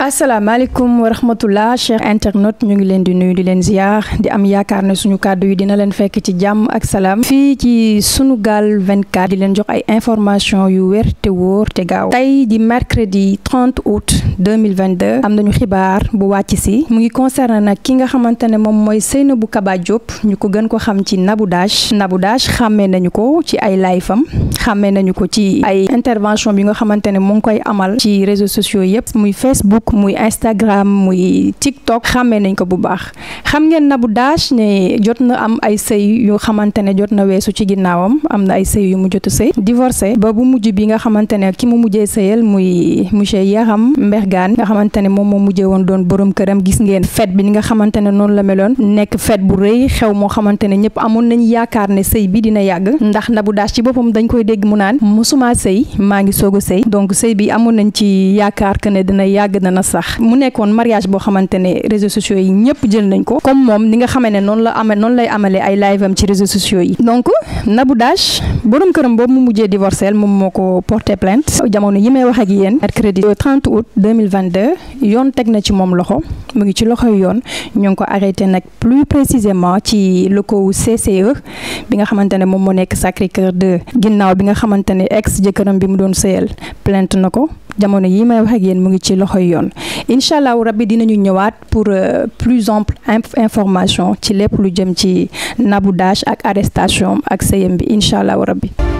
asalaamaaleykum wa rahmatullah chers internautes ñu ngi leen di nuyu di leen ziar di am yaakaar ne suñu kàddu yi dina leen fekk ci jàmm ak salaam fii ci Sunugal 24 di leen jox ay information yu wér te wóor te gaaw tey di mercredi 30 août 2022 am nañu xibaar bu wàcc si mu ngi concerné nag ki nga xamante ne moom mooy Seynabou Kaba Diop ñu ko gën ko xam ci Nabou Dash Nabou Dash xàmmee nañu ko ci ay live am xàmmee nañu ko ci ay intervention bi nga xamante ne mu ngi koy amal ci réseaux sociaux yépp muy Facebook Facebook muy Instagram muy TikTok xàmmee nañ ko bu baax xam ngeen na bu Dash ne jot na am ay sëy yu xamante ne jot na weesu ci ginnaawam am na ay sëy yu mu jotu sëy divorcé ba bu mujj bi nga xamante ne ki mu mujjee sëyal muy monsieur Yaram Mbergane nga xamante ne moom moo mujjee woon doon borom këram gis ngeen fête bi ni nga xamante ne noonu la meloon nekk fête bu rëy xew moo xamante ne ñëpp amoon nañ yaakaar ne sëy bi dina yàgg ndax na bu Dash ci boppam dañ koy dégg mu naan mosuma sëy maa ngi soog a sëy donc sëy bi amoon nañ ci yaakaar que ne dina yàgg dana a sax mu nekkoon mariage boo xamante ne réseaux sociaux yi ñëpp jël nañ ko comme moom ni nga xamee ne noonu la amee noonu lay amalee ay live am ci réseaux sociaux yi donc Nabou Dash borom këram boobu mu mujjee divorcé moom moo ko porté plainte jamono yi may wax ak yéen mercredi 30 août 2022 yoon teg na ci moom loxo mu ngi ci loxoy yoon ñu ngi ko arrêté nag plus précisément ci locaux CCE bi nga xamante ne moom moo nekk Sacré-Cœur 2 ginnaaw bi nga xamante ne ex jëkkëram bi mu doon sëyal plainte na ko jamono yi may wax ak mu ngi ci loxoy yoon incha allahu rabbi dinañu ñëwaat pour euh, plus ample information ci lépp lu jëm ci Nabou ak arrestation ak sëyam bi incha allahu rabbi